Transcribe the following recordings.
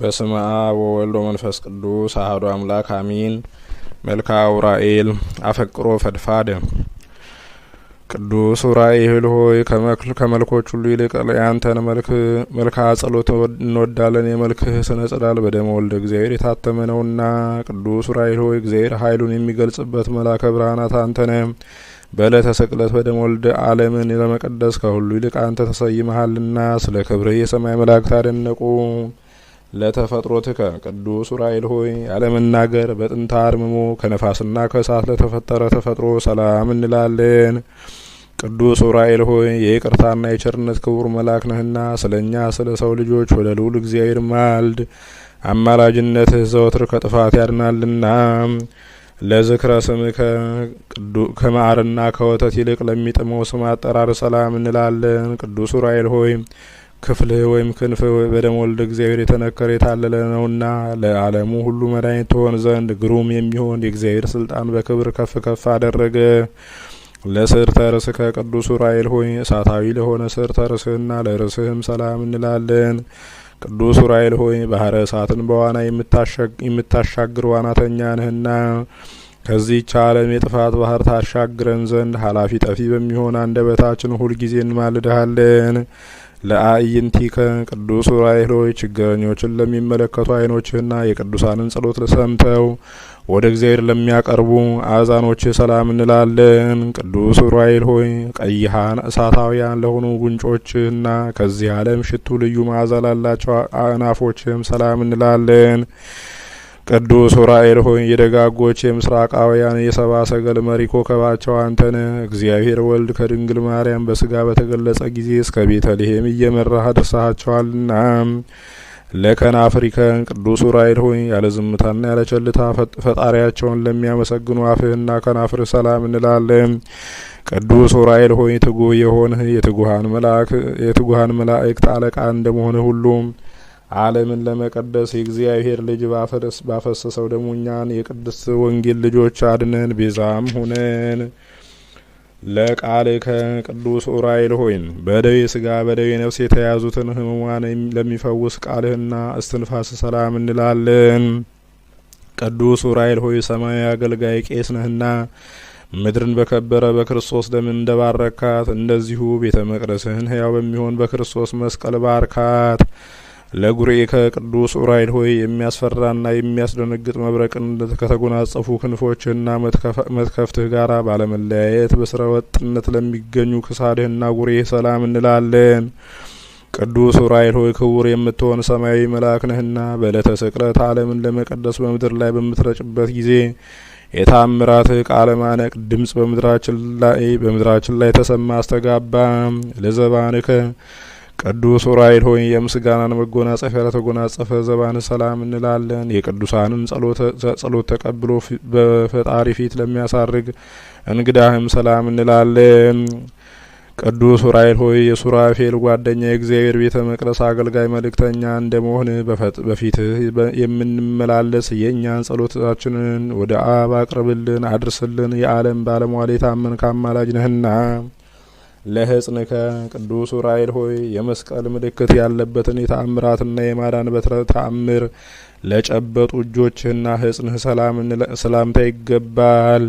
በስመ አብ ወወልድ ወመንፈስ ቅዱስ አህዶ አምላክ አሚን። መልክአ ዑራኤል አፈቅሮ ፈድፋደ ቅዱስ ዑራኤል ሆይ ከመልኮች ሁሉ ይልቅ ያንተን መልክ መልክአ ጸሎት እንወዳለን። የመልክህ ስነ ጽላል በደመ ወልደ እግዚአብሔር የታተመ ነውና፣ ቅዱስ ዑራኤል ሆይ እግዚአብሔር ኃይሉን የሚገልጽበት መላከ ብርሃናት አንተነ በዕለተ ስቅለት በደመ ወልድ ዓለምን ለመቀደስ ከሁሉ ይልቅ አንተ ተሰይመሃልና፣ ስለ ክብርህ የሰማይ መላእክት አደነቁ። ለተፈጥሮ ትከ ቅዱስ ዑራኤል ሆይ አለመናገር በጥንታ አርምሞ ከነፋስና ከእሳት ለተፈጠረ ተፈጥሮ ሰላም እንላለን። ቅዱስ ዑራኤል ሆይ የይቅርታና የቸርነት ክቡር መልአክ ነህና ስለ እኛ ስለ ሰው ልጆች ወደ ልዑል እግዚአብሔር ማልድ። አማላጅነትህ ዘወትር ከጥፋት ያድናልና። ለዝክረ ስምከ ከማርና ከወተት ይልቅ ለሚጥመው ስም አጠራር ሰላም እንላለን። ቅዱስ ዑራኤል ሆይ ክፍልህ ወይም ክንፍ በደም ወልደ እግዚአብሔር የተነከረ የታለለ ነውና ለዓለሙ ሁሉ መድኃኒት ትሆን ዘንድ ግሩም የሚሆን የእግዚአብሔር ስልጣን በክብር ከፍ ከፍ አደረገ። ለስርተ ርስከ ቅዱስ ዑራኤል ሆይ እሳታዊ ለሆነ ስርተ ርስህና ለርስህም ሰላም እንላለን። ቅዱስ ዑራኤል ሆይ ባህረ እሳትን በዋና የምታሻግር ዋናተኛ ነህና ከዚህች ዓለም የጥፋት ባህር ታሻግረን ዘንድ ኃላፊ ጠፊ በሚሆን አንደበታችን ሁልጊዜ እንማልድሃለን። ለአዕይንቲከ ቅዱስ ዑራኤል ሆይ ችግረኞችን ለሚመለከቱ አይኖችና የቅዱሳንን ጸሎት ሰምተው ወደ እግዚአብሔር ለሚያቀርቡ አዛኖች ሰላም እንላለን። ቅዱስ ዑራኤል ሆይ ቀይሃን እሳታውያን ለሆኑ ጉንጮችህና ከዚህ ዓለም ሽቱ ልዩ መዓዛ ላላቸው አእናፎችህም ሰላም እንላለን። ቅዱስ ዑራኤል ሆይ የደጋጎች የምስራቃውያን የሰባ ሰገል መሪ ኮከባቸው አንተነ እግዚአብሔር ወልድ ከድንግል ማርያም በስጋ በተገለጸ ጊዜ እስከ ቤተልሔም እየመራህ አድርሰሃቸዋልና። ለከን አፍሪከን ቅዱስ ዑራኤል ሆይ ያለ ዝምታና ያለ ቸልታ ፈጣሪያቸውን ለሚያመሰግኑ አፍህና ከናፍር ሰላም እንላለን። ቅዱስ ዑራኤል ሆይ ትጉህ የሆንህ የትጉሃን መላእክት አለቃ እንደመሆንህ ሁሉም ዓለምን ለመቀደስ የእግዚአብሔር ልጅ ባፈሰሰው ደሙ እኛን ወንጌል ልጆች አድነን፣ ቤዛም ሁነን። ለቃል ከቅዱስ ኡራኤል ሆይን በደዌ ስጋ በደዌ ነፍስ የተያዙትን ህሙማን ለሚፈውስ ቃልህና እስትንፋስ ሰላም እንላለን። ቅዱስ ኡራኤል ሆይ ሰማያዊ አገልጋይ ቄስ ነህና ምድርን በከበረ በክርስቶስ ደም እንደባረካት እንደዚሁ ቤተ መቅደስህን ህያው በሚሆን በክርስቶስ መስቀል ባርካት። ለጉሬ ከቅዱስ ዑራኤል ሆይ የሚያስፈራና የሚያስደነግጥ መብረቅን ከተጎናጸፉ ክንፎችህና መትከፍትህ ጋራ ባለመለያየት በስረ ወጥነት ለሚገኙ ክሳድህና ጉሬ ሰላም እንላለን። ቅዱስ ዑራኤል ሆይ ክቡር የምትሆን ሰማያዊ መልአክ ነህና በዕለተ ስቅለት ዓለምን ለመቀደስ በምድር ላይ በምትረጭበት ጊዜ የታምራትህ ቃለ ማነቅ ድምጽ በምድራችን ላይ በምድራችን ላይ ተሰማ አስተጋባ ለዘባንከ ቅዱስ ዑራኤል ሆይ የምስጋናን መጎናጸፊያ ለተጎናጸፈ ዘባን ሰላም እንላለን። የቅዱሳንን ጸሎት ተቀብሎ በፈጣሪ ፊት ለሚያሳርግ እንግዳህም ሰላም እንላለን። ቅዱስ ዑራኤል ሆይ የሱራፌል ጓደኛ የእግዚአብሔር ቤተ መቅደስ አገልጋይ መልእክተኛ እንደመሆን መሆንህ በፊትህ የምንመላለስ የእኛን ጸሎታችንን ወደ አብ አቅርብልን፣ አድርስልን። የዓለም ባለሟል የታመንክ አማላጅ ነህና ለሕጽንከ ቅዱስ ዑራኤል ሆይ የመስቀል ምልክት ያለበትን የተአምራትና የማዳን በትረ ተአምር ለጨበጡ እጆችህና ሕጽንህ ሰላምታ ይገባል።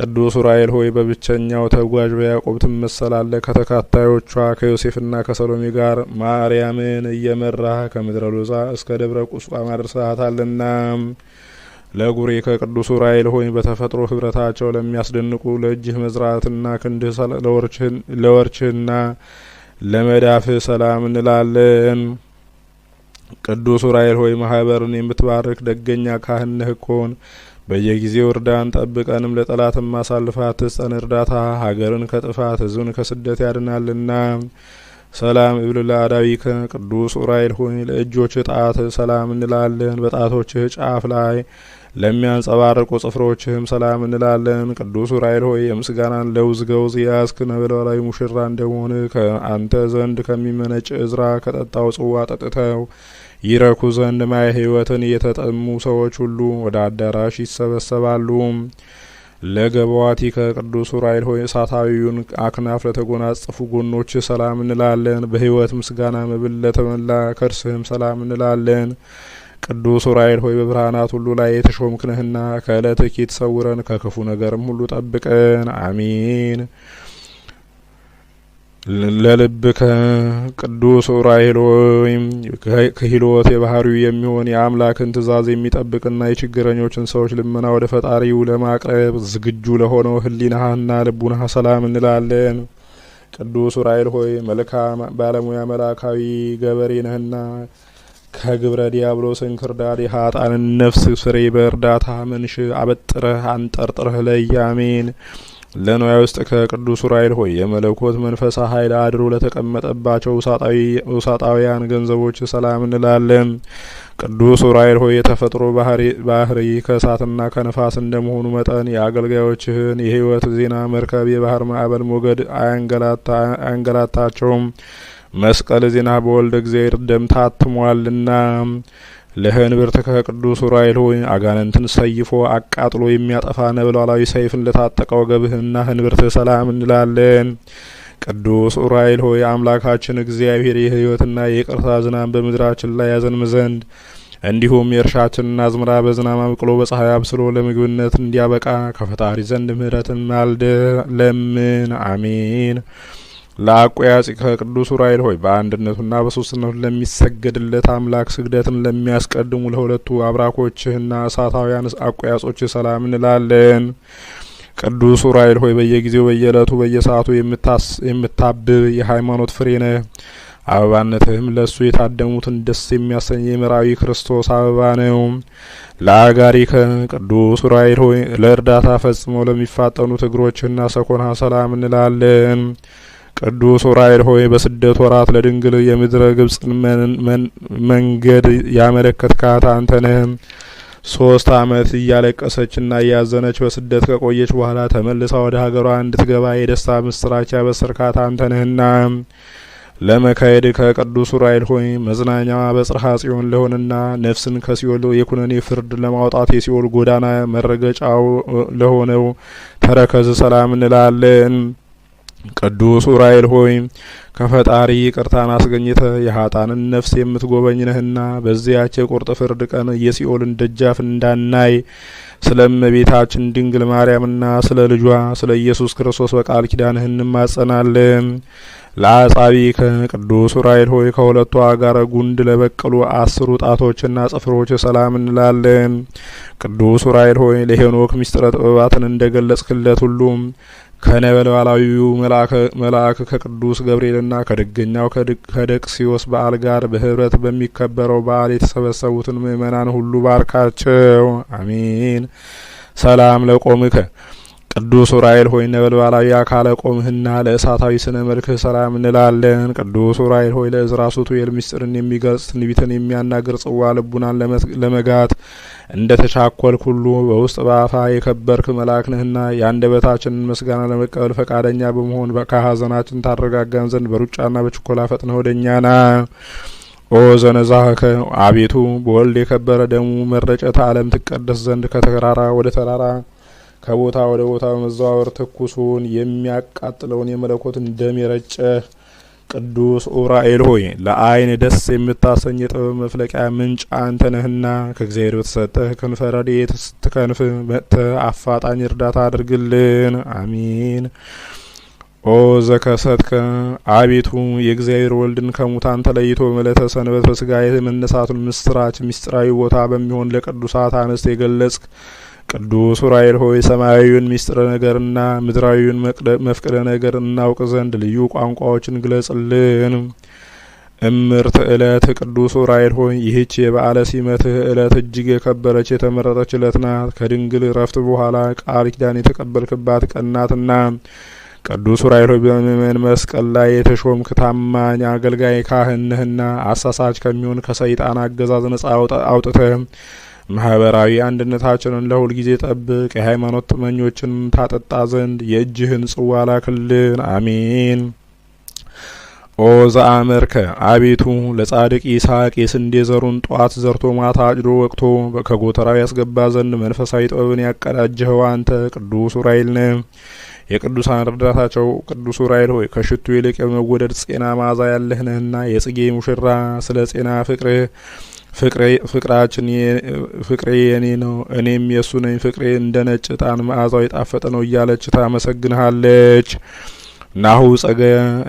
ቅዱስ ዑራኤል ሆይ በብቸኛው ተጓዥ በያዕቆብ ትመሰላለህ። ከተካታዮቿ ከዮሴፍና ከሰሎሚ ጋር ማርያምን እየመራህ ከምድረ ሎዛ እስከ ደብረ ቁስቋም አድርሰሃታልና ለጉሬ ከቅዱስ ዑራኤል ሆይ በተፈጥሮ ህብረታቸው ለሚያስደንቁ ለእጅህ መዝራትና ክንድህ ለወርችህና ለመዳፍህ ሰላም እንላለን። ቅዱስ ዑራኤል ሆይ ማህበርን የምትባርክ ደገኛ ካህንህ ኮን በየጊዜው እርዳን፣ ጠብቀንም፣ ለጠላት ማሳልፋት ትስጠን። እርዳታ ሀገርን ከጥፋት ህዝብን ከስደት ያድናልና። ሰላም እብል ለአዳዊከ ቅዱስ ዑራኤል ሆይ ለእጆች ጣት ሰላም እንላለን። በጣቶችህ ጫፍ ላይ ለሚያንጸባርቁ ጽፍሮችህም ሰላም እንላለን። ቅዱስ ዑራኤል ሆይ የምስጋናን ለውዝ ገውዝ የያዝክ ነበልባላዊ ሙሽራ እንደሆን ከአንተ ዘንድ ከሚመነጭ እዝራ ከጠጣው ጽዋ ጠጥተው ይረኩ ዘንድ ማየ ሕይወትን የተጠሙ ሰዎች ሁሉ ወደ አዳራሽ ይሰበሰባሉ። ለገባዋቲ ከቅዱስ ዑራኤል ሆይ እሳታዊውን አክናፍ ለተጎናጸፉ ጎኖች ሰላም እንላለን። በሕይወት ምስጋና መብል ለተመላ ከእርስህም ሰላም እንላለን። ቅዱስ ዑራኤል ሆይ በብርሃናት ሁሉ ላይ የተሾምክ ነህና ከእለት ኪት ሰውረን ከክፉ ነገርም ሁሉ ጠብቀን፣ አሚን። ለልብከ ቅዱስ ዑራኤል ሆይ ክሂሎት የባህሪው የሚሆን የአምላክን ትእዛዝ የሚጠብቅና የችግረኞችን ሰዎች ልመና ወደ ፈጣሪው ለማቅረብ ዝግጁ ለሆነው ህሊናህና ልቡናህ ሰላም እንላለን። ቅዱስ ዑራኤል ሆይ መልካም ባለሙያ መላካዊ ገበሬ ነህና ከግብረ ዲያብሎስ እንክርዳድ የሀጣንን ነፍስ ስሬ በእርዳታ መንሽ አበጥረህ አንጠርጥረህ ለያሜን ለንዋይ ውስጥ ከቅዱስ ዑራኤል ሆይ የመለኮት መንፈሳ ኃይል አድሮ ለተቀመጠባቸው ውሳጣውያን ገንዘቦች ሰላም እንላለን። ቅዱስ ዑራኤል ሆይ የተፈጥሮ ባህሪ ከእሳትና ከነፋስ እንደመሆኑ መጠን የአገልጋዮችህን የህይወት ዜና መርከብ የባህር ማዕበል ሞገድ አያንገላታቸውም። መስቀል ዜና በወልደ እግዚአብሔር ደም ታትሟልና ለህንብርት ከቅዱስ ዑራኤል ሆይ አጋንንትን ሰይፎ አቃጥሎ የሚያጠፋ ነበልባላዊ ሰይፍን ለታጠቀ ወገብህና ህንብርት ሰላም እንላለን። ቅዱስ ዑራኤል ሆይ አምላካችን እግዚአብሔር የህይወትና የቅርታ ዝናብ በምድራችን ላይ ያዘንም ዘንድ እንዲሁም የእርሻችንን አዝመራ በዝናብ አብቅሎ በፀሐይ አብስሎ ለምግብነት እንዲያበቃ ከፈጣሪ ዘንድ ምህረትን ማልደ ለምን አሜን። ጽከ ቅዱስ ዑራኤል ሆይ በአንድነቱና በሶስትነቱ ለሚሰገድለት አምላክ ስግደትን ለሚያስቀድሙ ለሁለቱ አብራኮችህና እሳታውያን አቋያጾች ሰላም እንላለን። ቅዱስ ዑራኤል ሆይ በየጊዜው በየዕለቱ በየሰዓቱ የምታብብ የሃይማኖት ፍሬ ነህ። አበባነትህም ለእሱ የታደሙትን ደስ የሚያሰኝ የምራዊ ክርስቶስ አበባ ነው። ለአጋሪከ ቅዱስ ዑራኤል ሆይ ለእርዳታ ፈጽመው ለሚፋጠኑት እግሮችህና ሰኮና ሰላም እንላለን። ቅዱስ ዑራኤል ሆይ በስደት ወራት ለድንግል የምድረ ግብጽ መንገድ ያመለከትካት አንተ ነህ። ሶስት አመት እያለቀሰችና እያዘነች በስደት ከቆየች በኋላ ተመልሳ ወደ ሀገሯ እንድትገባ የደስታ ምስራች ያበሰርካት አንተ ነህና ለመካሄድ ከቅዱስ ዑራኤል ሆይ መዝናኛዋ በጽርሐ ጽዮን ለሆነና ነፍስን ከሲኦል የኩነኔ ፍርድ ለማውጣት የሲኦል ጎዳና መረገጫው ለሆነው ተረከዝ ሰላም እንላለን። ቅዱስ ዑራኤል ሆይ ከፈጣሪ ቅርታን አስገኝተ የሀጣንን ነፍስ የምትጎበኝ ነህና በዚያች የቁርጥ ፍርድ ቀን የሲኦልን ደጃፍ እንዳናይ ስለ እመቤታችን ድንግል ማርያምና ስለ ልጇ ስለ ኢየሱስ ክርስቶስ በቃል ኪዳንህ እንማጸናለን። ለአጻቢ ከቅዱስ ዑራኤል ሆይ ከሁለቱ አጋረ ጉንድ ለበቀሉ አስሩ ጣቶችና ጽፍሮች ሰላም እንላለን። ቅዱስ ዑራኤል ሆይ ለሄኖክ ምስጢረ ጥበባትን እንደገለጽክለት ሁሉም ከነበልባላዊው መልአክ ከቅዱስ ገብርኤልና ከደገኛው ከደቅሲዮስ በዓል ጋር በህብረት በሚከበረው በዓል የተሰበሰቡትን ምእመናን ሁሉ ባርካቸው፣ አሜን። ሰላም ለቆምከ ቅዱስ ዑራኤል ሆይ ነበልባላዊ አካለ ቆምህና ለእሳታዊ ስነ መልክህ ሰላም እንላለን። ቅዱስ ዑራኤል ሆይ ለእዝራ ሱቱኤል ምስጢርን የሚገልጽ ትንቢትን የሚያናግር ጽዋ ልቡናን ለመጋት እንደ ተቻኮልክ ሁሉ በውስጥ በአፋ የከበርክ መልአክ ነህና የአንደበታችንን ምስጋና ለመቀበል ፈቃደኛ በመሆን ከሀዘናችን ታረጋጋን ዘንድ በሩጫና በችኮላ ፈጥነ ወደ ና። ኦ ዘነዛኸከ አቤቱ በወልድ የከበረ ደሙ መረጨት ዓለም ትቀደስ ዘንድ ከተራራ ወደ ተራራ ከቦታ ወደ ቦታ በመዘዋወር ትኩሱን የሚያቃጥለውን የመለኮትን ደም የረጨህ ቅዱስ ኡራኤል ሆይ ለአይን ደስ የምታሰኝ የጥበብ መፍለቂያ ምንጭ አንተ ነህና ከእግዚአብሔር በተሰጠህ ክንፈ ረድኤት ስትከንፍ መጥተህ አፋጣኝ እርዳታ አድርግልን። አሚን። ኦ ዘከሰትከ አቤቱ የእግዚአብሔር ወልድን ከሙታን ተለይቶ በዕለተ ሰንበት በስጋ የመነሳቱን ምስራች ምስጢራዊ ቦታ በሚሆን ለቅዱሳት አንስት የገለጽክ ቅዱስ ዑራኤል ሆይ ሰማያዊውን ሚስጥረ ነገርና ምድራዊውን መፍቅደ ነገር እናውቅ ዘንድ ልዩ ቋንቋዎችን ግለጽልን። እምርት ዕለት ቅዱስ ዑራኤል ሆይ ይህች የበዓለ ሲመትህ ዕለት እጅግ የከበረች የተመረጠች ዕለት ናት። ከድንግል እረፍት በኋላ ቃል ኪዳን የተቀበልክባት ቀናትና ቅዱስ ዑራኤል ሆይ በምእመን መስቀል ላይ የተሾምክ ታማኝ አገልጋይ ካህንህና አሳሳች ከሚሆን ከሰይጣን አገዛዝ ነጻ አውጥተህ ማህበራዊ አንድነታችንን ለሁል ጊዜ ጠብቅ፣ የሃይማኖት ጥመኞችን ታጠጣ ዘንድ የእጅህን ጽዋ ላክልን። አሜን። ኦ ዘአመርከ አቤቱ ለጻድቅ ይስሐቅ የስንዴ ዘሩን ጧት ዘርቶ ማታ አጭዶ ወቅቶ ከጎተራው ያስገባ ዘንድ መንፈሳዊ ጥበብን ያቀዳጀኸው አንተ ቅዱስ ዑራኤል ነ የቅዱሳን ረዳታቸው ቅዱስ ዑራኤል ሆይ ከሽቱ ይልቅ የመወደድ ጤና መዓዛ ያለህ ነህና የጽጌ ሙሽራ ስለ ጤና ፍቅርህ ፍቅራችን ፍቅሬ የኔ ነው እኔም የእሱ ነኝ፣ ፍቅሬ እንደ ነጭ እጣን መዓዛው የጣፈጠ ነው እያለች ታመሰግንሃለች። ናሁ ጸገ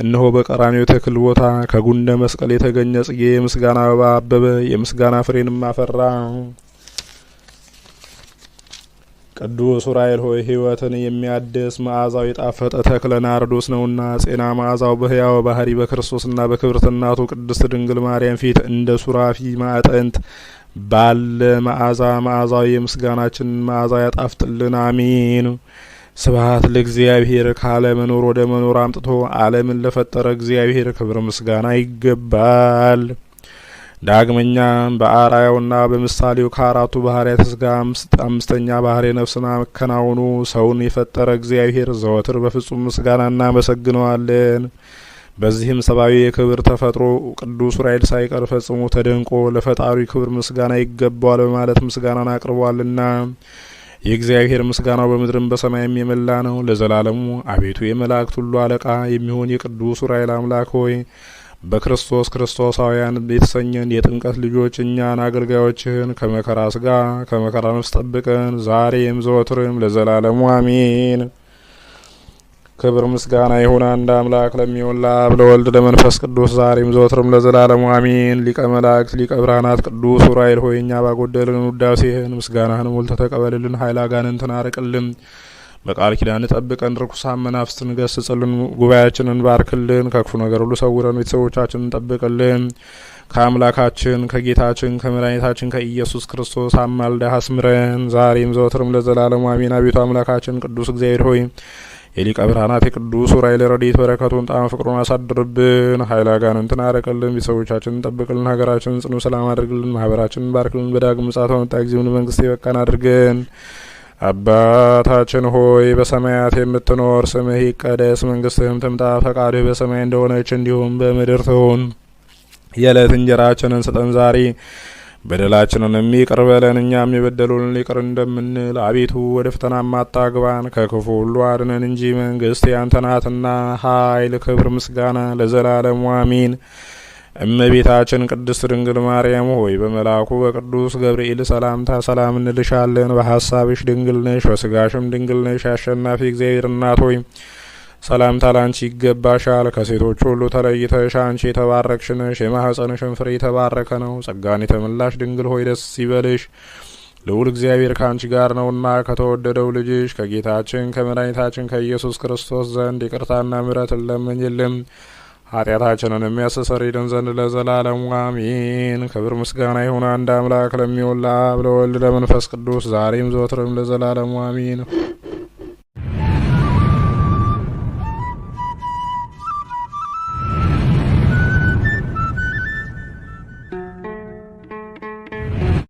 እነሆ በቀራኔው ተክል ቦታ ከጉንደ መስቀል የተገኘ ጽጌ የምስጋና አበባ አበበ፣ የምስጋና ፍሬንም አፈራ። ቅዱስ ዑራኤል ሆይ ሕይወትን የሚያድስ መዓዛው የጣፈጠ ተክለ ናርዶስ ነውና ጼና መዓዛው በሕያው ባህሪ በክርስቶስና በክብርት እናቱ ቅድስት ድንግል ማርያም ፊት እንደ ሱራፊ ማዕጠንት ባለ መዓዛ መዓዛው የምስጋናችንን መዓዛ ያጣፍጥልን። አሚን። ስብሐት ለእግዚአብሔር ካለ መኖር ወደ መኖር አምጥቶ ዓለምን ለፈጠረ እግዚአብሔር ክብር ምስጋና ይገባል። ዳግመኛም በአርአያውና በምሳሌው ከአራቱ ባህርያተ ስጋ አምስተኛ ባህርይ ነፍስን መከናወኑ ሰውን የፈጠረ እግዚአብሔር ዘወትር በፍጹም ምስጋና እናመሰግነዋለን። በዚህም ሰብአዊ የክብር ተፈጥሮ ቅዱስ ዑራኤል ሳይቀር ፈጽሞ ተደንቆ ለፈጣሪ ክብር ምስጋና ይገባዋል በማለት ምስጋናን አቅርቧልና የእግዚአብሔር ምስጋናው በምድርም በሰማይም የመላ ነው ለዘላለሙ። አቤቱ የመላእክት ሁሉ አለቃ የሚሆን የቅዱስ ዑራኤል አምላክ ሆይ በክርስቶስ ክርስቶሳውያን የተሰኘን የጥምቀት ልጆች እኛን አገልጋዮችህን ከመከራ ስጋ ከመከራ ነፍስ ጠብቀን ዛሬም ዘወትርም ለዘላለሙ አሜን። ክብር ምስጋና ይሁን አንድ አምላክ ለሚሆን ለአብ ለወልድ ለመንፈስ ቅዱስ ዛሬም ዘወትርም ለዘላለሙ አሜን። ሊቀ መላእክት ሊቀ ብርሃናት ቅዱስ ዑራኤል ሆይ እኛ ባጎደልን ውዳሴህን ምስጋናህን ሞልተ ተቀበልልን። ኃይለ አጋንንትን አርቅልን በቃል ኪዳን ጠብቀን ርኩሳን መናፍስትን ገስጽልን፣ ጉባኤያችንን ባርክልን፣ ከክፉ ነገር ሁሉ ሰውረን፣ ቤተሰቦቻችንን ጠብቅልን። ከአምላካችን ከጌታችን ከመድኃኒታችን ከኢየሱስ ክርስቶስ አማልደህ አስምረን፣ ዛሬም ዘወትርም ለዘላለሙ አሜን። አቤቱ አምላካችን ቅዱስ እግዚአብሔር ሆይ የሊቀ ብርሃናት የቅዱስ ዑራኤል ረድኤት በረከቱን ጣም ፍቅሩን አሳድርብን፣ ኃይለ አጋንንትን አርቅልን፣ ቤተሰቦቻችንን ጠብቅልን፣ ሀገራችንን ጽኑ ሰላም አድርግልን፣ ማህበራችንን ባርክልን። በዳግም ምጽአት በመጣ ጊዜ መንግስት የበቃን አድርገን አባታችን ሆይ በሰማያት የምትኖር፣ ስምህ ይቀደስ፣ መንግስትህም ትምጣ፣ ፈቃድህ በሰማይ እንደሆነች እንዲሁም በምድር ትሁን። የዕለት እንጀራችንን ስጠን ዛሬ፣ በደላችንን ይቅር በለን እኛም የበደሉንን ይቅር እንደምንል። አቤቱ ወደ ፈተና ማታግባን ከክፉ ሁሉ አድነን እንጂ መንግስት ያንተ ናትና፣ ኃይል፣ ክብር፣ ምስጋና ለዘላለሙ አሚን። እመቤታችን ቅድስት ድንግል ማርያም ሆይ በመልአኩ በቅዱስ ገብርኤል ሰላምታ ሰላም እንልሻለን። በሐሳብሽ ድንግል ነሽ፣ በስጋሽም ድንግል ነሽ። አሸናፊ እግዚአብሔር እናት ሆይ ሰላምታ ላንቺ ይገባሻል። ከሴቶች ሁሉ ተለይተሽ አንቺ የተባረክሽ ነሽ፣ የማህፀንሽን ፍሬ የተባረከ ነው። ጸጋን የተመላሽ ድንግል ሆይ ደስ ይበልሽ፣ ልዑል እግዚአብሔር ከአንቺ ጋር ነውና ከተወደደው ልጅሽ ከጌታችን ከመድኃኒታችን ከኢየሱስ ክርስቶስ ዘንድ ይቅርታና ምሕረት እንለምኝልን ኃጢአታችንን የሚያስተሰርይ ዘንድ ለዘላለሙ አሚን። ክብር ምስጋና ይሁን አንድ አምላክ ለሚወላ ለወልድ ለመንፈስ ቅዱስ ዛሬም ዘወትርም ለዘላለሙ አሚን።